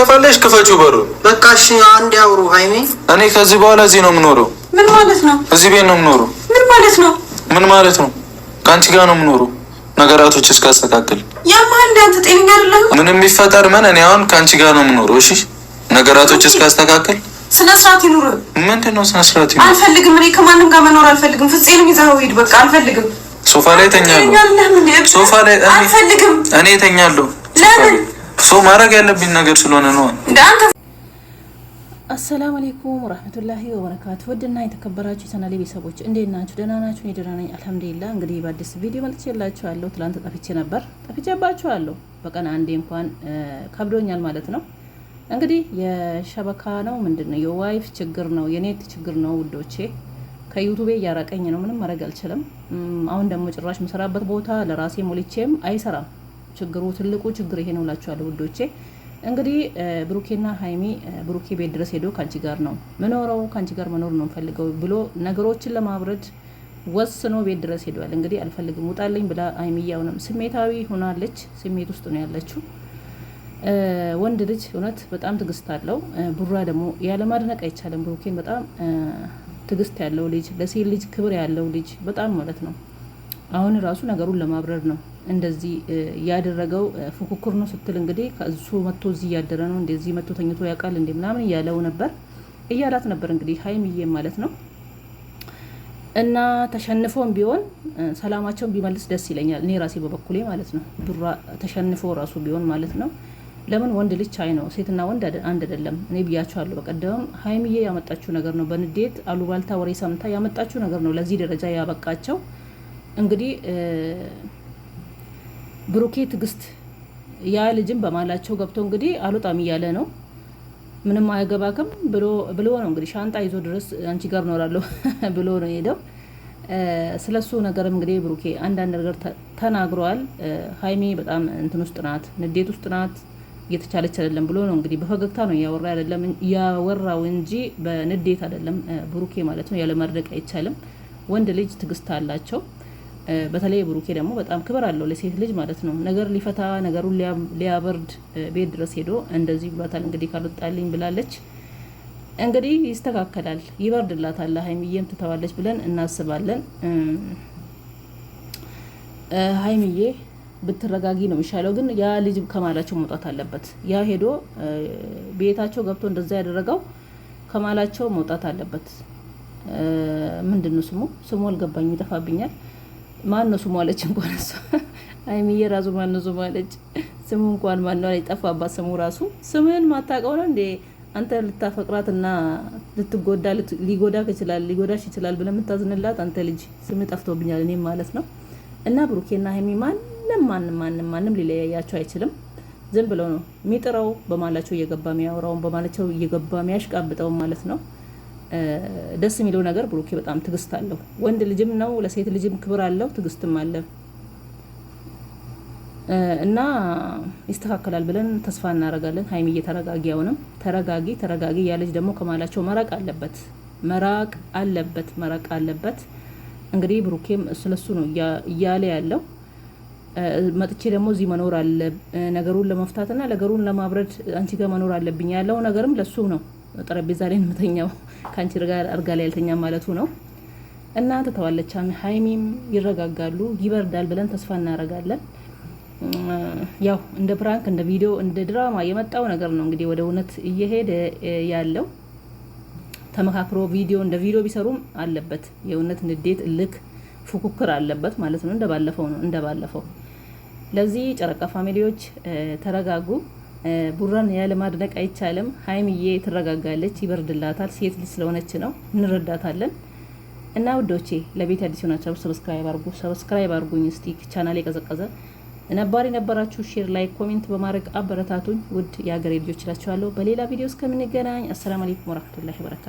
ከፈለሽ ክፈቹ በሩ። በቃ እሺ፣ አንድ ያውሩ ሃይሜ። እኔ ከዚህ በኋላ እዚህ ነው የምኖረው። ምን ማለት ነው? እዚህ ቤት ነው የምኖረው። ምን ማለት ነው? ምን ማለት ነው? ከአንቺ ጋር ነው የምኖረው ነገራቶች እስካስተካከል። ያማን እንዳንተ ጤነኛ አይደለም። ምንም የሚፈጠር ምን፣ እኔ አሁን ከአንቺ ጋር ነው የምኖረው። እሺ፣ ነገራቶች እስካስተካከል ስነ ስርዓት ይኑር። ምንድን ነው ስነ ስርዓት ይኑር? አልፈልግም። እኔ ከማንም ጋር መኖር አልፈልግም። ፍፄንም ይዘኸው ሂድ። በቃ አልፈልግም። ሶፋ ላይ ተኛለሁ። ሶፋ ላይ አልፈልግም። እኔ ተኛለሁ። ለምን ሰው ማድረግ ያለብኝ ነገር ስለሆነ ነው። አሰላሙ አሌይኩም ወራህመቱላሂ ወበረካቱ። ውድና የተከበራችሁ የቻናሌ ቤተሰቦች እንዴት ናችሁ? ደህና ናችሁ? እኔ ደህና ነኝ አልሐምዱሊላህ። እንግዲህ በአዲስ ቪዲዮ መጥቼላችኋለሁ። ትላንት ጠፍቼ ነበር፣ ጠፍቼባችኋለሁ። በቀን አንዴ እንኳን ከብዶኛል ማለት ነው። እንግዲህ የሸበካ ነው ምንድን ነው የዋይፍ ችግር ነው የኔት ችግር ነው ውዶቼ ከዩቱቤ እያራቀኝ ነው። ምንም ማድረግ አልችልም። አሁን ደግሞ ጭራሽ የምሰራበት ቦታ ለራሴ ሞልቼም አይሰራም። ችግሩ ትልቁ ችግር ይሄ ነው እላችኋለሁ ውዶቼ። እንግዲህ ብሩኬና ሀይሚ ብሩኬ ቤት ድረስ ሄዶ ከአንቺ ጋር ነው ምኖረው ከአንቺ ጋር መኖር ነው ምፈልገው ብሎ ነገሮችን ለማብረድ ወስኖ ቤት ድረስ ሄዷል። እንግዲህ አልፈልግም ውጣልኝ ብላ ሀይሚዬ አሁንም ስሜታዊ ሆናለች። ስሜት ውስጥ ነው ያለችው። ወንድ ልጅ እውነት በጣም ትግስት አለው። ቡራ ደግሞ ያለማድነቅ አይቻልም። ብሩኬን በጣም ትግስት ያለው ልጅ፣ ለሴት ልጅ ክብር ያለው ልጅ በጣም ማለት ነው አሁን ራሱ ነገሩን ለማብረር ነው እንደዚህ ያደረገው ፉክክር ነው ስትል እንግዲህ ከእሱ መጥቶ እዚህ እያደረ ነው እንደዚህ መጥቶ ተኝቶ ያውቃል እንደ ምናምን እያለው ነበር እያላት ነበር እንግዲህ ሀይሚዬ ማለት ነው። እና ተሸንፎም ቢሆን ሰላማቸውን ቢመልስ ደስ ይለኛል እኔ ራሴ በበኩሌ ማለት ነው። ቡራ ተሸንፎ ራሱ ቢሆን ማለት ነው። ለምን ወንድ ልጅ ቻይ ነው፣ ሴትና ወንድ አንድ አይደለም። እኔ ብያቸዋለሁ በቀደም። ሀይሚዬ ያመጣችው ነገር ነው፣ በንዴት አሉባልታ ወሬ ሰምታ ያመጣችው ነገር ነው ለዚህ ደረጃ ያበቃቸው። እንግዲህ ብሩኬ ትዕግስት ያ ልጅም በማላቸው ገብቶ እንግዲህ አልወጣም እያለ ነው። ምንም አያገባክም ብሎ ነው እንግዲህ ሻንጣ ይዞ ድረስ አንቺ ጋር እኖራለሁ ብሎ ነው ሄደው። ስለ እሱ ነገርም እንግዲህ ብሩኬ አንዳንድ ነገር ተናግረዋል። ሀይሜ በጣም እንትን ውስጥ ናት፣ ንዴት ውስጥ ናት፣ እየተቻለች አይደለም ብሎ ነው እንግዲህ። በፈገግታ ነው እያወራ አይደለም እያወራው እንጂ በንዴት አይደለም ብሩኬ ማለት ነው። ያለመድረቅ አይቻልም። ወንድ ልጅ ትግስት አላቸው። በተለይ ብሩኬ ደግሞ በጣም ክብር አለው ለሴት ልጅ ማለት ነው። ነገር ሊፈታ ነገሩን ሊያበርድ ቤት ድረስ ሄዶ እንደዚህ ብሏታል። እንግዲህ ካልወጣልኝ ብላለች። እንግዲህ ይስተካከላል፣ ይበርድላታል፣ ሀይሚዬም ትተዋለች ብለን እናስባለን። ሀይሚዬ ብትረጋጊ ነው የሚሻለው። ግን ያ ልጅ ከማላቸው መውጣት አለበት። ያ ሄዶ ቤታቸው ገብቶ እንደዛ ያደረገው ከማላቸው መውጣት አለበት። ምንድን ነው ስሙ? ስሙ አልገባኝ፣ ይጠፋብኛል ማን ነው ስሙ አለች እንኳን እሷ ሀይሚዬ ራሱ ማን ነው ስሙ አለች። ስሙ እንኳን ማን ነው የጠፋባት ስሙ ራሱ ስምህን ማታውቀው ነው እንዴ? አንተ ልታፈቅራት እና ልትጎዳ ሊጎዳ ይችላል ሊጎዳሽ ይችላል ብለህ የምታዝንላት አንተ ልጅ ስም ጠፍቶብኛል እኔም ማለት ነው። እና ብሩኬና ሀይሚ ማንም ማንም ማንም ማንም ሊለያያቸው አይችልም። ዝም ብለው ነው የሚጥረው በማላቸው እየገባ የሚያወራውን በማላቸው እየገባ የሚያሽቃብጠውን ማለት ነው። ደስ የሚለው ነገር ብሩኬ በጣም ትግስት አለው። ወንድ ልጅም ነው፣ ለሴት ልጅም ክብር አለው፣ ትግስትም አለ እና ይስተካከላል ብለን ተስፋ እናረጋለን። ሀይሚዬ ተረጋጊ፣ አሁንም ተረጋጊ፣ ተረጋጊ። ያ ልጅ ደግሞ ከማላቸው መራቅ አለበት፣ መራቅ አለበት፣ መራቅ አለበት። እንግዲህ ብሩኬም ስለሱ ነው እያለ ያለው። መጥቼ ደግሞ እዚህ መኖር አለ ነገሩን ለመፍታትና ነገሩን ለማብረድ አንቺ ጋር መኖር አለብኝ ያለው ነገርም ለሱ ነው። ጠረጴዛ ላይ የምተኛው ከአንቺ ጋር አልጋ ላይ ያልተኛ ማለቱ ነው። እና ትተዋለች ሀይሚም ይረጋጋሉ። ይበርዳል ብለን ተስፋ እናደርጋለን። ያው እንደ ፕራንክ እንደ ቪዲዮ እንደ ድራማ የመጣው ነገር ነው እንግዲህ ወደ እውነት እየሄደ ያለው ተመካክሮ ቪዲዮ እንደ ቪዲዮ ቢሰሩም አለበት የእውነት ንዴት፣ ልክ ፉክክር አለበት ማለት ነው። እንደባለፈው ነው እንደባለፈው። ለዚህ ጨረቃ ፋሚሊዎች ተረጋጉ። ቡራን ያለማድነቅ አይቻልም። ሀይምዬ ትረጋጋለች፣ ይበርድላታል። ሴት ልጅ ስለሆነች ነው፣ እንረዳታለን። እና ውዶቼ ለቤት አዲስ የሆናችሁ ሰብስክራይብ አርጉ፣ ሰብስክራይብ አርጉኝ። እስቲ ቻናል የቀዘቀዘ ነባር የነበራችሁ ሼር፣ ላይክ፣ ኮሜንት በማድረግ አበረታቱኝ። ውድ የሀገሬ ልጆች እላችኋለሁ። በሌላ ቪዲዮ እስከምንገናኝ አሰላሙ አለይኩም ወረህመቱላሂ ወበረካቱ